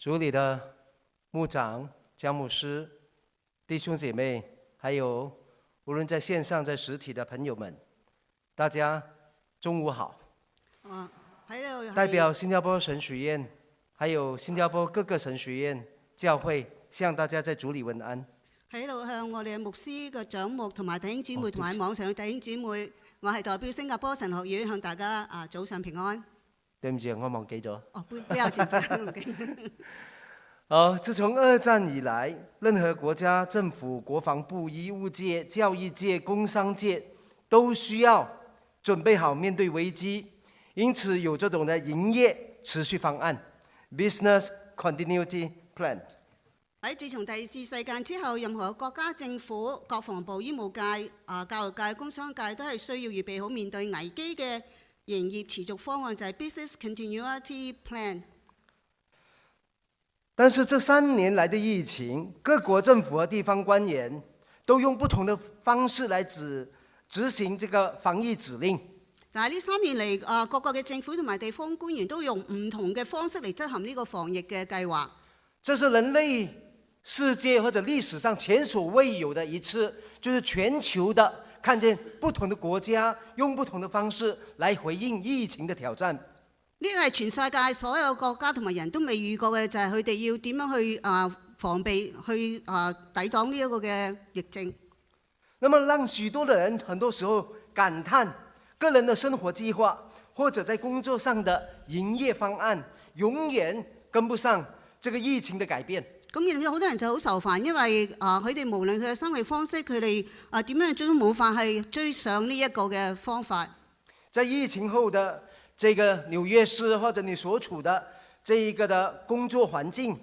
主裏的牧長、姜牧師、弟兄姐妹，還有無論在線上在實體的朋友們，大家中午好。嗯、啊，還有代表新加坡神學院，還有新加坡各個神學院、啊、教會，向大家在主裏問安。喺度向我哋嘅牧師嘅長目同埋弟兄姊妹同埋、哦、網上嘅弟兄姊妹，我係代表新加坡神學院向大家啊，早上平安。對唔住，我忘記咗。哦，不，不要緊，不用給你。好，自從二戰以來，任何國家政府、國防部、醫務界、教育界、工商界，都需要準備好面對危機，因此有這種的營業持續方案 （Business Continuity Plan）。喺自從第二次世界之後，任何國家政府、國防部、醫務界、啊教育界、工商界都係需要預備好面對危機嘅。營業持續方案就係、是、business continuity plan。但是這三年來的疫情，各國政府和地方官員都用不同的方式來指執行這個防疫指令。但係呢三年嚟，啊，各國嘅政府同埋地方官員都用唔同嘅方式嚟執行呢個防疫嘅計劃。這是人類、世界或者歷史上前所未有的一次，就是全球的。看見不同的國家用不同的方式來回應疫情的挑戰，呢個係全世界所有國家同埋人都未遇過嘅，就係佢哋要點樣去啊防備，去啊抵擋呢一個嘅疫症。那麼讓許多的人很多時候感嘆，個人的生活計劃或者在工作上的營業方案永遠跟不上這個疫情的改變。咁因此好多人就好愁煩，因為啊，佢哋無論佢嘅生活方式，佢哋啊點樣追都冇法係追上呢一個嘅方法。在疫情後的這個紐約市，或者你所處的這一個的工作環境。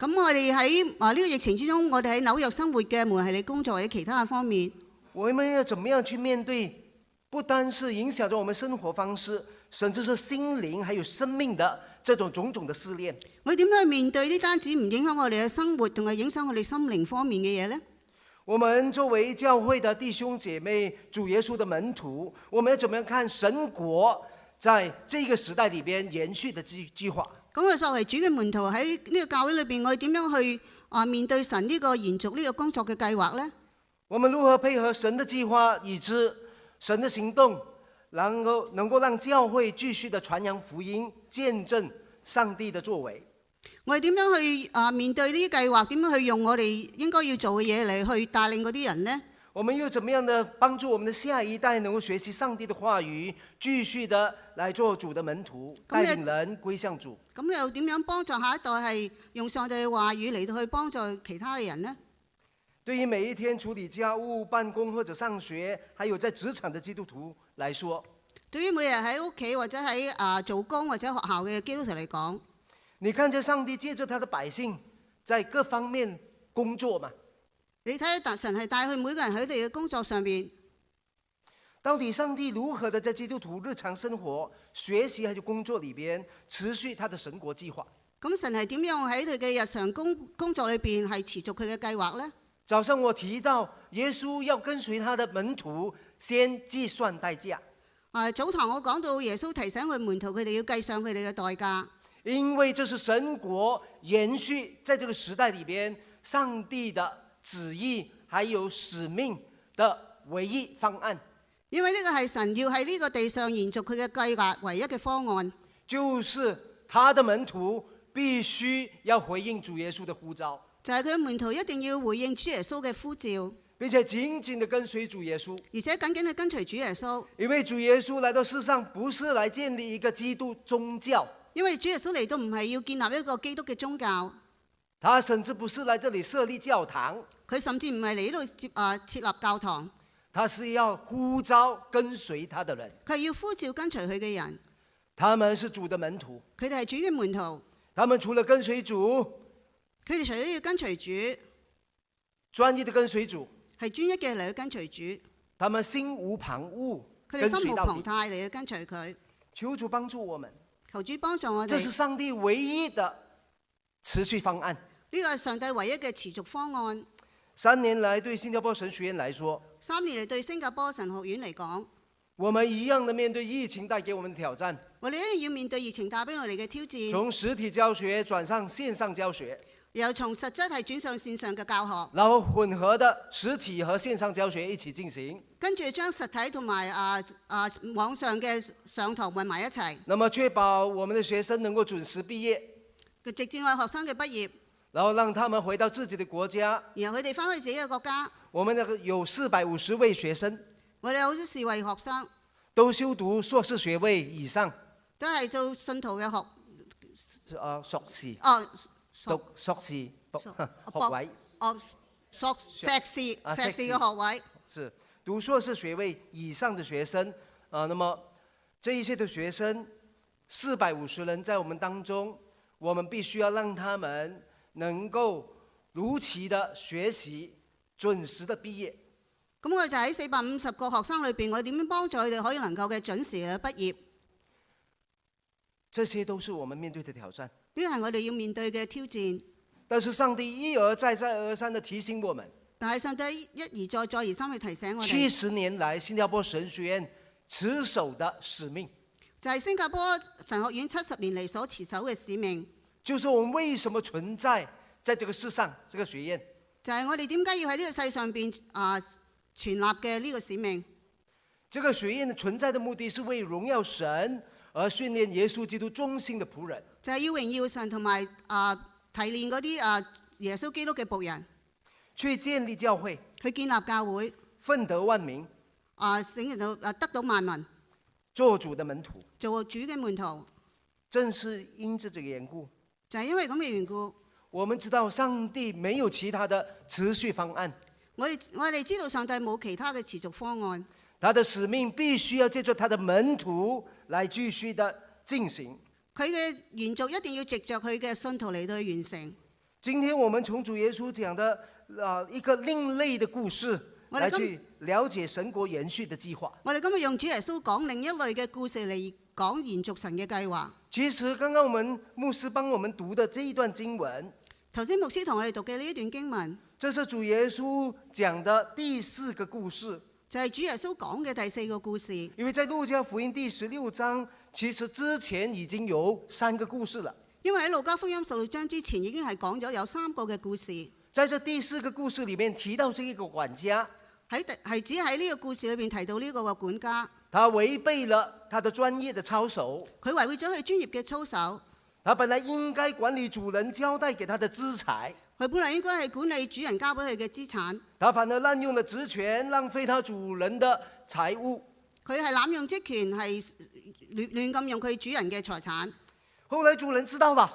咁我哋喺啊呢個疫情之中，我哋喺紐約生活嘅，無論係你工作或者其他嘅方面。我們要怎麼樣去面對？不單是影響咗我們生活方式，甚至是心靈，還有生命的。這種種種的試煉，我點樣去面對呢單止？唔影響我哋嘅生活，同埋影響我哋心靈方面嘅嘢呢？我們作為教會的弟兄姐妹、主耶穌的門徒，我們要怎麼樣看神國在這個時代裏邊延續的計計劃？咁啊，作為主嘅門徒喺呢個教會裏邊，我哋點樣去啊面對神呢個延續呢個工作嘅計劃呢？我們如何配合神的計劃，以致神的行動，能夠能夠讓教會繼續的傳揚福音、見證？上帝的作為，我哋點樣去啊面對呢啲計劃，點樣去用我哋應該要做嘅嘢嚟去帶領嗰啲人呢？我們要怎麼樣的幫助我們的下一代能夠學習上帝的話語，繼續的來做主的門徒，帶領人歸向主。咁又點樣幫助下一代係用上帝嘅話語嚟到去幫助其他嘅人呢？對於每一天處理家務、辦公或者上學，還有在職場的基督徒來說。對於每日喺屋企或者喺啊、呃、做工或者學校嘅基督徒嚟講，你看著上帝借助他的百姓在各方面工作嘛？你睇下神係帶去每個人喺佢嘅工作上面，到底上帝如何地在基督徒日常生活、學習喺度工作裏邊持續他的神國計劃？咁神係點樣喺佢嘅日常工工作裏邊係持續佢嘅計劃呢？早上我提到耶穌要跟隨他的門徒，先計算代價。誒、啊、早堂我講到耶穌提醒佢門徒，佢哋要計上佢哋嘅代價。因為這是神國延續在這個時代裏邊上帝的旨意，還有使命的唯一方案。因為呢個係神要喺呢個地上延續佢嘅計劃，唯一嘅方案就是他的門徒必須要回應主耶穌的呼召。就係佢門徒一定要回應主耶穌嘅呼召。並且緊緊地跟隨主耶穌，而且緊緊地跟隨主耶穌，因為主耶穌來到世上不是來建立一個基督宗教，因為主耶穌嚟到唔係要建立一個基督嘅宗教，他甚至不是來這裏設立教堂，佢甚至唔係嚟呢度設啊設立教堂，他是要呼召跟隨他的人，佢係要呼召跟隨佢嘅人，他們是主的門徒，佢哋係主嘅門徒，他們除了跟隨主，佢哋除咗要跟隨主，專業地跟隨主。係專一嘅嚟去跟隨主，佢哋心無旁騖嚟去跟隨佢。求主幫助我們，求主幫助我哋。這是上帝唯一的持續方案。呢個係上帝唯一嘅持續方案。三年來對新加坡神學院來說，三年嚟對新加坡神學院嚟講，我們一樣地面對疫情帶給我們嘅挑戰。我哋一樣要面對疫情帶俾我哋嘅挑戰。從實體教學轉上線上教學。又從實質係轉上線上嘅教學，然後混合的實體和線上教學一起進行，跟住將實體同埋啊啊網上嘅上堂混埋一齊。那麼確保我們嘅學生能夠準時畢業，嘅直接為學生嘅畢業，然後讓他們回到自己的國家，然後佢哋翻去自己嘅國家。我們有四百五十位學生，我哋好似四位學生都修讀碩士學位以上，都係做信徒嘅學啊碩士。哦。讀碩士學位，哦，碩碩士碩士嘅學位，是讀碩士學位以上嘅學生啊。那麼這一些嘅學生四百五十人，在我們當中，我們必須要讓他們能夠如期的學習，準時的畢業。咁、嗯嗯、我就喺四百五十個學生裏邊，我點樣幫助佢哋可以能夠嘅準時嘅畢業？這些都是我們面對嘅挑戰。呢係我哋要面對嘅挑戰。但是上帝一而再、再而三地提醒我們。但係上帝一而再、再而三去提醒我哋。七十年來，新加坡神學院持守的使命，就係新加坡神學院七十年嚟所持守嘅使命。就是我們為什麼存在在這個世上？這個學院就係我哋點解要喺呢個世上邊啊存立嘅呢個使命。這個學院的存在的目的是為榮耀神而訓練耶穌基督忠心的僕人。就係要榮耀神同埋啊，提煉嗰啲啊耶穌基督嘅僕人，去建立教會，去建立教會，憤得萬民，啊醒人到啊得到萬民，做主嘅門徒，做主嘅門徒，正是因這嘅緣故，就係因為咁嘅緣故，我們知道上帝沒有其他的持續方案。我我哋知道上帝冇其他嘅持續方案。他的使命必須要借助他的門徒來繼續的進行。佢嘅延續一定要藉着佢嘅信徒嚟到去完成。今天我們從主耶穌講的啊、呃、一個另類的故事，我來去了解神國延續的計劃。我哋今日用主耶穌講另一類嘅故事嚟講延續神嘅計劃。其實剛剛我們牧師幫我們讀的這一段經文，頭先牧師同我哋讀嘅呢一段經文，這是主耶穌講的第四個故事，就係主耶穌講嘅第四個故事。因為在路加福音第十六章。其實之前已經有三個故事了，因為喺《路加福音十六章》之前已經係講咗有三個嘅故事。在這第四個故事裏面提到呢一個管家，喺係指喺呢個故事裏面提到呢個嘅管家。他違背了他的專業的操守，佢違背咗佢專業嘅操守。他本來應該管理主人交代給他的資財，佢本來應該係管理主人交俾佢嘅資產，他反而濫用咗職權，浪費他主人的財物。佢係濫用職權係。亂亂咁用佢主人嘅財產，後來主人知道了，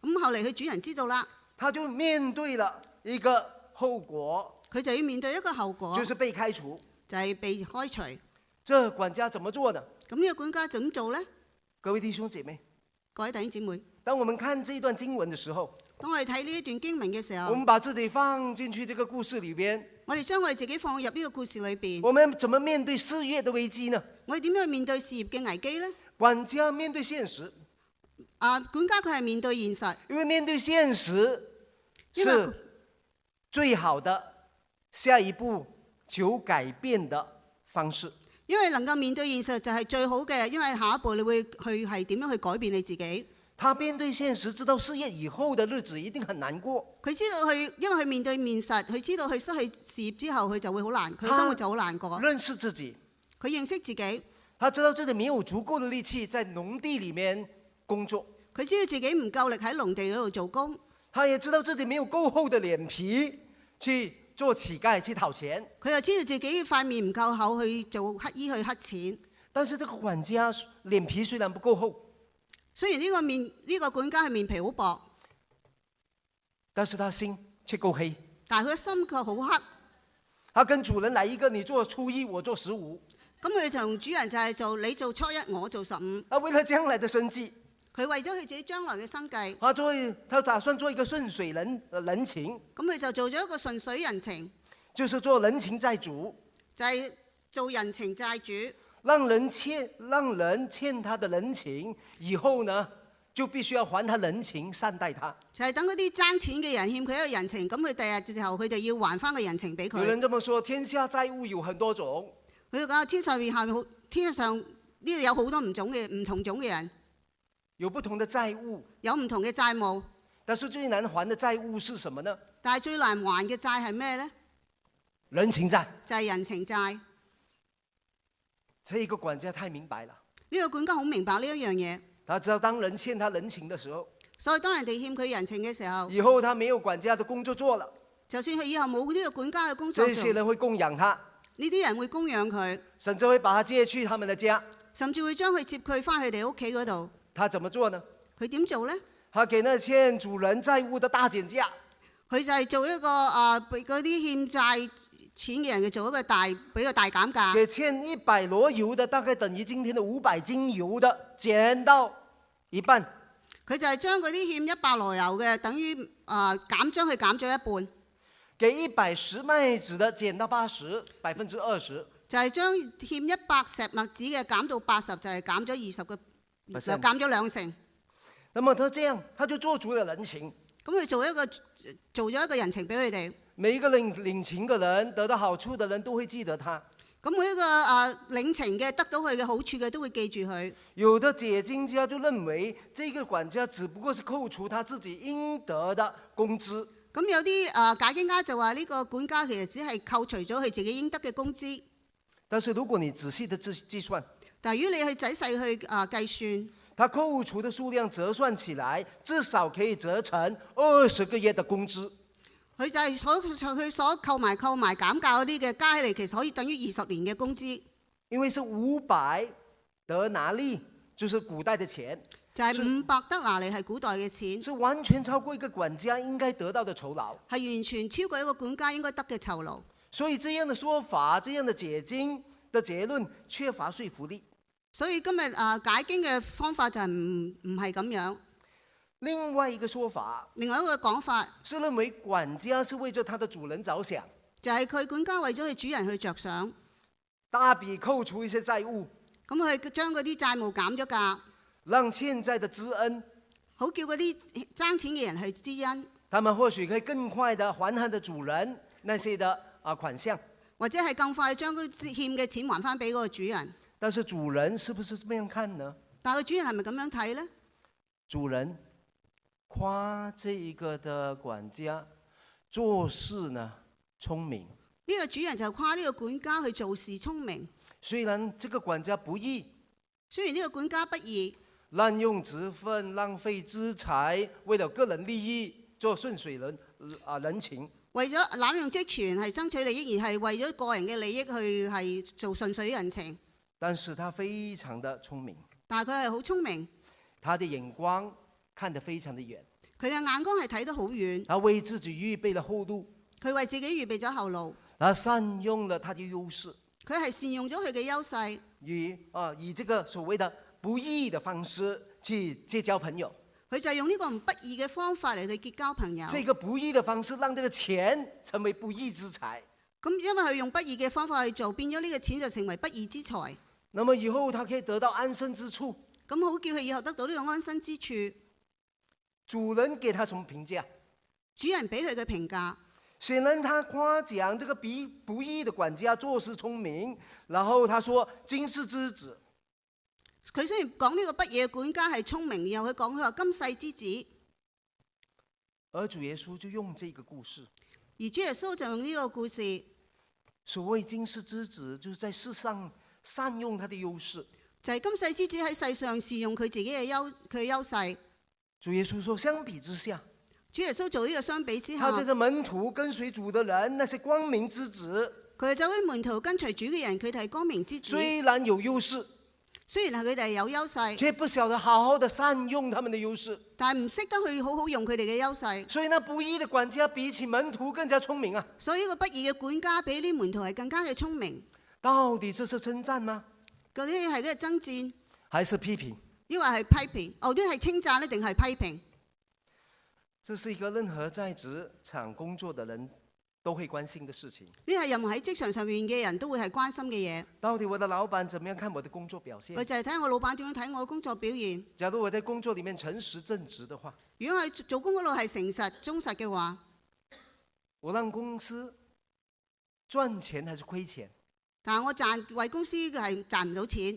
咁後嚟佢主人知道啦，他就面對了一個後果，佢就要面對一個後果，就是被開除，就係被開除。這管家怎麼做的？咁呢個管家怎麼做呢？各位弟兄姐妹，各位弟兄姊妹，當我們看這段經文的時候，當我哋睇呢一段經文嘅時候，我們把自己放進去這個故事裏邊。我哋將我哋自己放入呢個故事裏邊。我們，面我們怎麼面對事業的危機呢？我哋點樣去面對事業嘅危機呢？管家面對現實。啊，管家佢係面對現實。因為面對現實是最好的為下一步求改變的方式。因為能夠面對現實就係最好嘅，因為下一步你會去係點樣去改變你自己。他面對現實，知道事業以後的日子一定很難過。佢知道佢，因為佢面對現實，佢知道佢失去事業之後，佢就會好難，佢生活就好難過。認識自己，佢認識自己。他知道自己沒有足夠的力氣在農地裡面工作。佢知道自己唔夠力喺農地嗰度做工。他也知道自己沒有夠厚的臉皮去做乞丐去討錢。佢又知道自己塊面唔夠厚去做乞衣去乞錢。但是呢個管家臉皮雖然唔夠厚，雖然呢個面呢個管家係面皮好薄。但是他心卻夠黑，但佢心卻好黑。他跟主人來一個，你做初一，我做十五。咁佢同主人就係做你做初一，我做十五。啊，為了將來的生計。佢為咗佢自己將來嘅生計。啊，做，佢打算做一個順水人人情。咁佢就做咗一個順水人情。就是做人情債主。就係做人情債主。讓人欠，讓人欠他的人情，以後呢？就必須要還他人情，善待他。就係等嗰啲爭錢嘅人欠佢一個人情，咁佢第日之後佢就要還翻個人情俾佢。有人這麼說，天下債務有很多種。佢講天上面、下面好天上呢度有好多唔種嘅唔同種嘅人，有不同嘅債務，有唔同嘅債務。但是最難還嘅債務是什麼呢？但係最難還嘅債係咩咧？就是，人情債就係人情債。這個管家太明白了。呢個管家好明白呢一樣嘢。他知道當人欠他人情的時候，所以當人哋欠佢人情嘅時候，以後他沒有管家的工作做了。就算佢以後冇呢個管家嘅工作做，這些人會供養他，呢啲人會供養佢，甚至，甚至會把他接去他，他們的家，甚至會將佢接佢翻去佢哋屋企嗰度。他怎麼做呢？佢點做呢？他給那欠主人債務的大減價，佢就係做一個啊，俾嗰啲欠債。欠嘅人就做一個大，俾個大減價。給欠一百籮油嘅，大概等於今天嘅五百斤油嘅，減到一半。佢就係將嗰啲欠一百籮油嘅，等於啊、呃、減，將佢減咗一半。給一百石麥子嘅，減到八十，百分之二十。就係將欠一百石麥子嘅減到八十，就係、是、減咗二十個，就減咗兩成。那麼他這樣，他就做足了人情。咁佢做一個，做咗一個人情俾佢哋。每一個領領情嘅人，得到好處嘅人都會記得他。咁每一個誒、呃、領情嘅，得到佢嘅好處嘅都會記住佢。有的解經家就認為，這個管家只不過是扣除他自己應得的工資。咁有啲誒解經家就話呢個管家其實只係扣除咗佢自己應得嘅工資。但是如果你仔細的計計算，但係如你去仔細去誒、呃、計算，他扣除的數量折算起來，至少可以折成二十個月的工資。佢就係所佢所扣埋、扣埋、減價嗰啲嘅加起嚟，其實可以等於二十年嘅工資。因為是五百得拿利，就是古代嘅錢。就係五百得拿利係古代嘅錢。所以完全超過一個管家應該得到嘅酬勞。係完全超過一個管家應該得嘅酬勞。所以這樣的說法，這樣的解經嘅結論缺乏說服力。所以今日啊，解經嘅方法就係唔唔係咁樣。另外一個說法，另外一個講法，是認為管家是為咗他的主人着想，就係佢管家為咗佢主人去着想，大筆扣除一些債務，咁佢將嗰啲債務減咗價，讓欠債的知恩，好叫嗰啲爭錢嘅人去知恩，他們或許可以更快還的還下佢主人那些的啊款項，或者係更快將佢欠嘅錢還翻俾個主人，但是主人是不是咁樣看呢？但係主人係咪咁樣睇咧？主人。誇這一個的管家做事呢聰明，呢個主人就誇呢個管家去做事聰明。雖然這個管家不義，雖然呢個管家不義，濫用職分浪費資財，為了個人利益做順水人啊人情，為咗濫用職權係爭取利益而係為咗個人嘅利益去係做順水人情。但是他非常的聰明，但係佢係好聰明。他的熒光。看得非常的遠，佢嘅眼光係睇得好遠。佢為自己預備了後路，佢為自己預備咗後路。佢善用了他的優勢，佢係善用咗佢嘅優勢，以啊以這個所謂的不義的方式去結交朋友。佢就用呢個唔不義嘅方法嚟去結交朋友。即係個不義嘅方式，讓這個錢成為不義之財。咁因為佢用不義嘅方法去做，變咗呢個錢就成為不義之財。那麼以後他可以得到安身之處。咁好叫佢以後得到呢個安身之處。主人給他什麼評價？主人俾佢嘅評價，顯然他誇獎這個比不義的管家做事聰明。然後他說：“今世之子，佢雖然講呢個不義管家係聰明，然後佢講佢話今世之子。而主耶穌就用這個故事，而主耶穌就用呢個故事。所謂今世之子，就是在世上善用他的優勢。就係今世之子喺世上善用佢自己嘅優佢優勢。主耶穌說，相比之下，主耶穌做呢個相比之下，他就是門徒跟隨主的人，那是光明之子。佢走啲門徒跟隨主嘅人，佢哋係光明之子。雖然有優勢，雖然係佢哋有優勢，卻不曉得好好地善用他們的優勢。但係唔識得去好好用佢哋嘅優勢。所以呢，不義嘅管家比起門徒更加聰明啊！所以個不義嘅管家比呢門徒係更加嘅聰明。到底這是稱讚嗎？究竟係佢個爭戰，還是批評？因為係批評，哦，呢係稱讚咧定係批評？這是一個任何在職場工作嘅人都會關心嘅事情。呢係任何喺職場上面嘅人都會係關心嘅嘢。到底我哋老闆怎麼樣看我哋工作表現？我就係睇我老闆點樣睇我嘅工作表現。假如我喺工作裏面誠實正直嘅話。如果我做工嗰度係誠實忠實嘅話，我讓公司賺錢還是虧錢？但我賺為公司係賺唔到錢。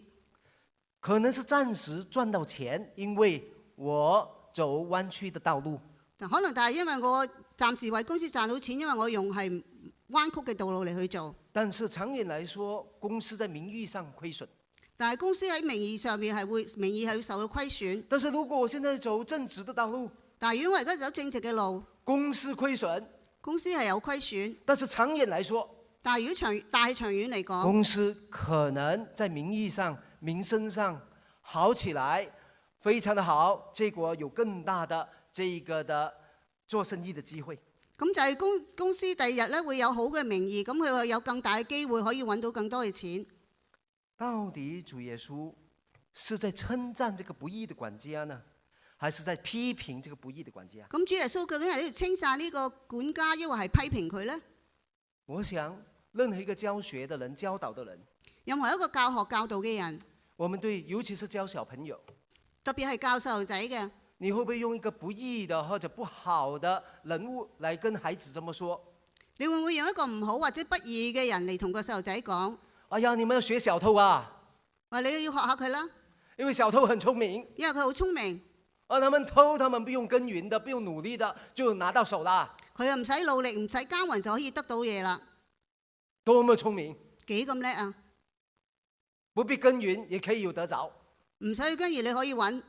可能是暫時賺到錢，因為我走彎曲的道路。可能，但係因為我暫時為公司賺到錢，因為我用係彎曲嘅道路嚟去做。但是長遠嚟說，公司在名義上虧損，但係公司喺名義上面係會名義係會受到虧損。但是如果我現在走正直的道路，但係如果我而家走正直嘅路，公司虧損，公司係有虧損，但是長遠嚟說，但係如果長，但係長遠嚟講，公司可能在名義上。名聲上好起來，非常的好，結果有更大的這一個的做生意的機會。咁就係公公司第二日咧會有好嘅名義，咁佢會有更大嘅機會可以搵到更多嘅錢。到底主耶穌是在稱讚這個不義的管家呢，還是在批評這個不義的管家？咁主耶穌究竟係稱讚呢個管家，抑或係批評佢咧？我想任何一個教學的人，教導的人。任何一個教學教導嘅人，我們對尤其是教小朋友，特別係教細路仔嘅，你會唔會用一個不義的或者不好的人物嚟跟孩子這麼說？你會唔會用一個唔好或者不義嘅人嚟同個細路仔講？哎呀，你們要學小偷啊！啊，你要學下佢啦，因為小偷很聰明，因為佢好聰明，啊，他們偷，他們不用耕耘的，不用努力的，就拿到手啦。佢又唔使努力，唔使耕耘就可以得到嘢啦，多麼聰明，幾咁叻啊！不必耕耘也可以有得找。唔使耕耘你可以揾，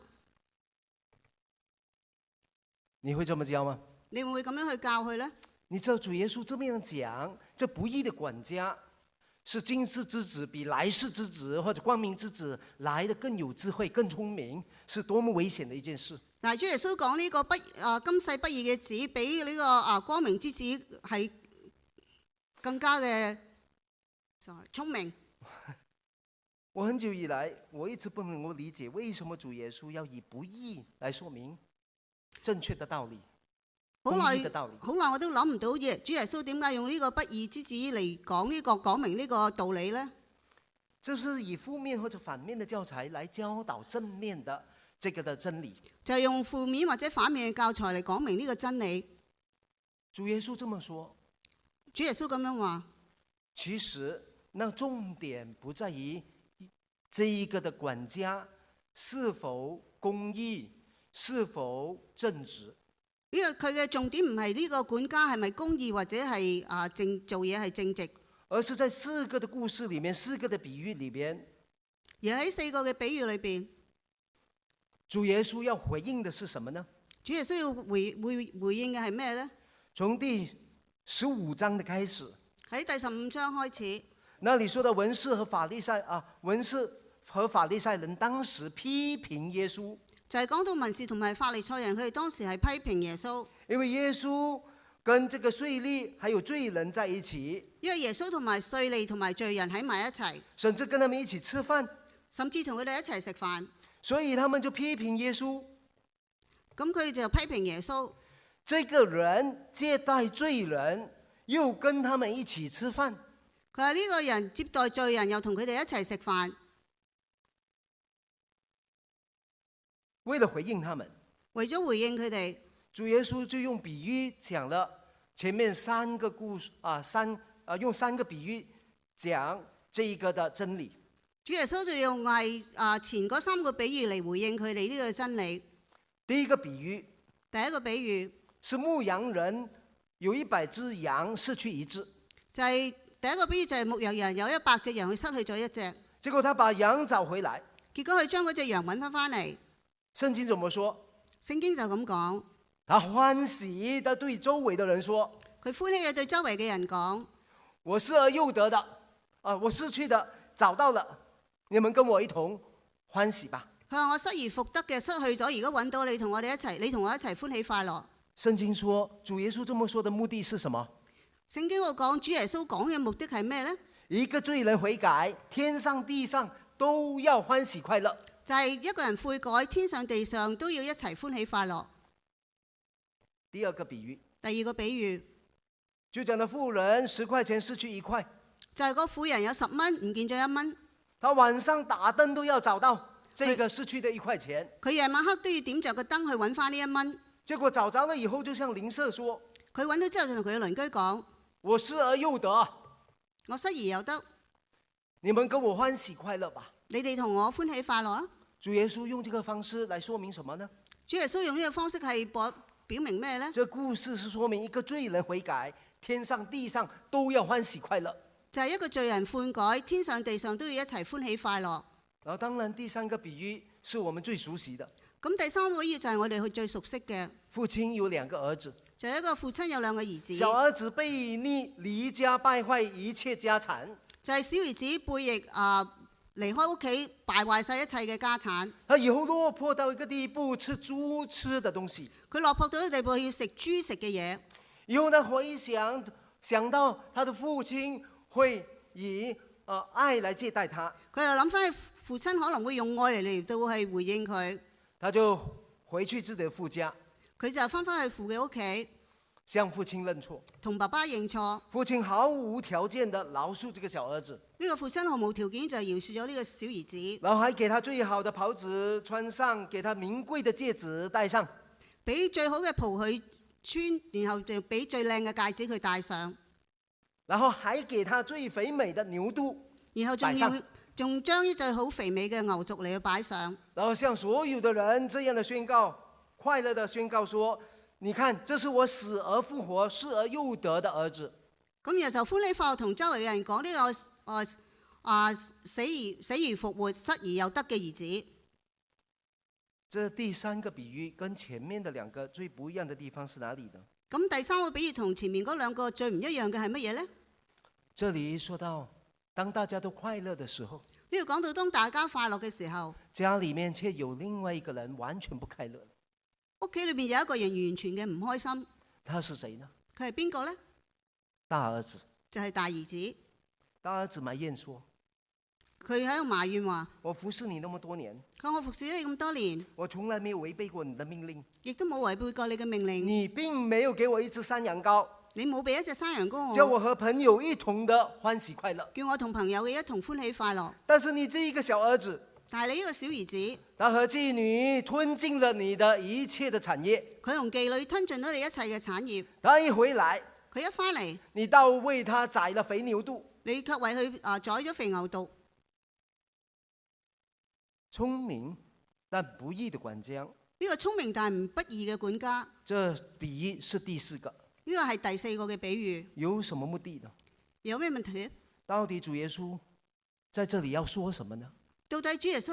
你會這麼教嗎？你會唔會咁樣去教佢咧？你知道主耶穌這麼樣講，這不義的管家是今世之子比來世之子或者光明之子來得更有智慧、更聰明，是多麼危險的一件事。嗱，主耶穌講呢個不，啊今世不義嘅子比呢，這個啊光明之子係更加嘅聰明。我很久以來，我一直不能夠理解，為什麼主耶穌要以不義來說明正確的道理？好耐久，好耐我都諗唔到耶主耶穌點解用呢個不義之子嚟講呢個講明呢個道理呢？就是以負面或者反面的教材來教導正面的這個的真理。就係用負面或者反面嘅教材嚟講明呢個真理。主耶穌這麼說。主耶穌咁樣話。其實，那重點不在於。這一個的管家是否公義，是否正直？呢個佢嘅重點唔係呢個管家係咪公義或者係啊正做嘢係正直，而是在四個的故事裏面，四個的比喻裏邊，而喺四個嘅比喻裏邊，主耶穌要回應的是什麼呢？主耶穌要回回回應嘅係咩咧？從第十五章的開始。喺第十五章開始。那你說到文士和法利賽，啊，文士。和法利賽人當時批評耶穌，就係講到文士同埋法利賽人，佢哋當時係批評耶穌，因為耶穌跟這個稅吏還有罪人在一起，因為耶穌同埋稅吏同埋罪人喺埋一齊，甚至跟他們一起吃飯，甚至同佢哋一齊食飯，所以他們就批評耶穌，咁佢就批評耶穌，這個人接待罪人，又跟他們一起吃飯，佢話呢個人接待罪人，又同佢哋一齊食飯。為了回應他們，為咗回應佢哋，主耶穌就用比喻講了前面三個故事啊，三啊用三個比喻講這一個的真理。主耶穌就用係啊前嗰三個比喻嚟回應佢哋呢個真理。第一個比喻，第一個比喻是牧羊人有一百隻羊失去一隻，就係第一個比喻就係牧羊人有一百隻羊佢失去咗一隻，結果他把羊找回來，結果佢將嗰隻羊揾翻翻嚟。聖經怎麼說？聖經就咁講。他歡喜地對周圍的人說：“佢歡喜嘅對周圍嘅人講，我失而又得的，啊，我失去的找到了，你們跟我一同歡喜吧。”佢話我失而復得嘅，失去咗，如果揾到你同我哋一齊，你同我一齊歡喜快樂。聖經說，主耶穌這麼說的目的是什麼？聖經我講，主耶穌講嘅目的係咩呢？一個罪人悔改，天上地上都要歡喜快樂。就係一個人悔改，天上地上都要一齊歡喜快樂。第二個比喻。第二個比喻。就講到婦人十塊錢失去一塊。就係個婦人有十蚊，唔見咗一蚊。他晚上打燈都要找到這個失去的一塊錢。佢夜晚黑都要點着個燈去揾翻呢一蚊。結果找着了以後，就向鄰舍說。佢揾到之後就，就同佢嘅鄰居講：我失而又得。我失而又得。你們跟我歡喜快樂吧。你哋同我歡喜快樂啊！主耶穌用這個方式來說明什麼呢？主耶穌用呢個方式係表明咩呢？這故事是說明一個罪人悔改，天上地上都要歡喜快樂。就係一個罪人悔改，天上地上都要一齊歡喜快樂。啊，當然第三個比喻是我們最熟悉的。咁第三個要就係我哋去最熟悉嘅。父親有兩個兒子。就一個父親有兩個兒子。小兒子背逆離家敗壞一切家產。就係小兒子背逆啊。呃離開屋企敗壞晒一切嘅家產。佢以後落魄到一個地步，吃豬吃嘅東西。佢落魄到一個地步要吃吃，要食豬食嘅嘢。以後，呢，回想想到他的父親會以啊、呃、愛來接待他。佢又諗翻去父親可能會用愛嚟嚟到去回應佢。他就回去自己嘅父家。佢就翻翻去父嘅屋企，向父親認錯，同爸爸認錯。父親毫無條件的饒恕這個小兒子。呢個父親毫無條件就係饒恕咗呢個小兒子。然後還給他最好的袍子穿上，給他名貴的戒指戴上，俾最好嘅袍佢穿，然後就俾最靚嘅戒指佢戴上。然後還給他最肥美的牛犢，然後仲要仲將呢隻好肥美嘅牛犢嚟去擺上。然後向所有的人這樣的宣告，快樂的宣告說：你看，這是我死而復活、失而又得的兒子。咁然後就歡喜快樂同周圍嘅人講呢、這個。啊，啊，死而死而復活、失而又得嘅兒子。這第三個比喻跟前面的兩個最不一樣的地方是哪裏呢？咁第三個比喻同前面嗰兩個最唔一樣嘅係乜嘢呢？這裏說到，當大家都快樂嘅時候。呢度講到，當大家快樂嘅時候，家裏面卻有另外一個人完全不快樂。屋企裏面有一個人完全嘅唔開心。他是誰呢？佢係邊個呢？大兒子。就係大兒子。大兒子埋怨說：“，他喺度埋怨話，我服侍你那麼多年，我服侍你咁多年，我從來沒有違背過你的命令，亦都冇違背過你嘅命令。你並沒有給我一隻山羊羔，你冇俾一隻山羊羔，叫我和朋友一同的歡喜快樂，叫我同朋友嘅一同的歡喜快樂。但是你這一個小兒子，但係你呢個小兒子，他和妓女吞盡了你的一切的產業，佢同妓女吞盡咗你一切嘅產業。他一回來，佢一翻嚟，你倒為他宰了肥牛犢。”你卻為佢啊宰咗肥牛犢，聰明，但不，明但不義的管家。呢個聰明但唔不義嘅管家。這比喻是第四個。呢個係第四個嘅比喻。有什麼目的呢？有咩問題？到底主耶穌在這裏要說什麼呢？到底主耶穌。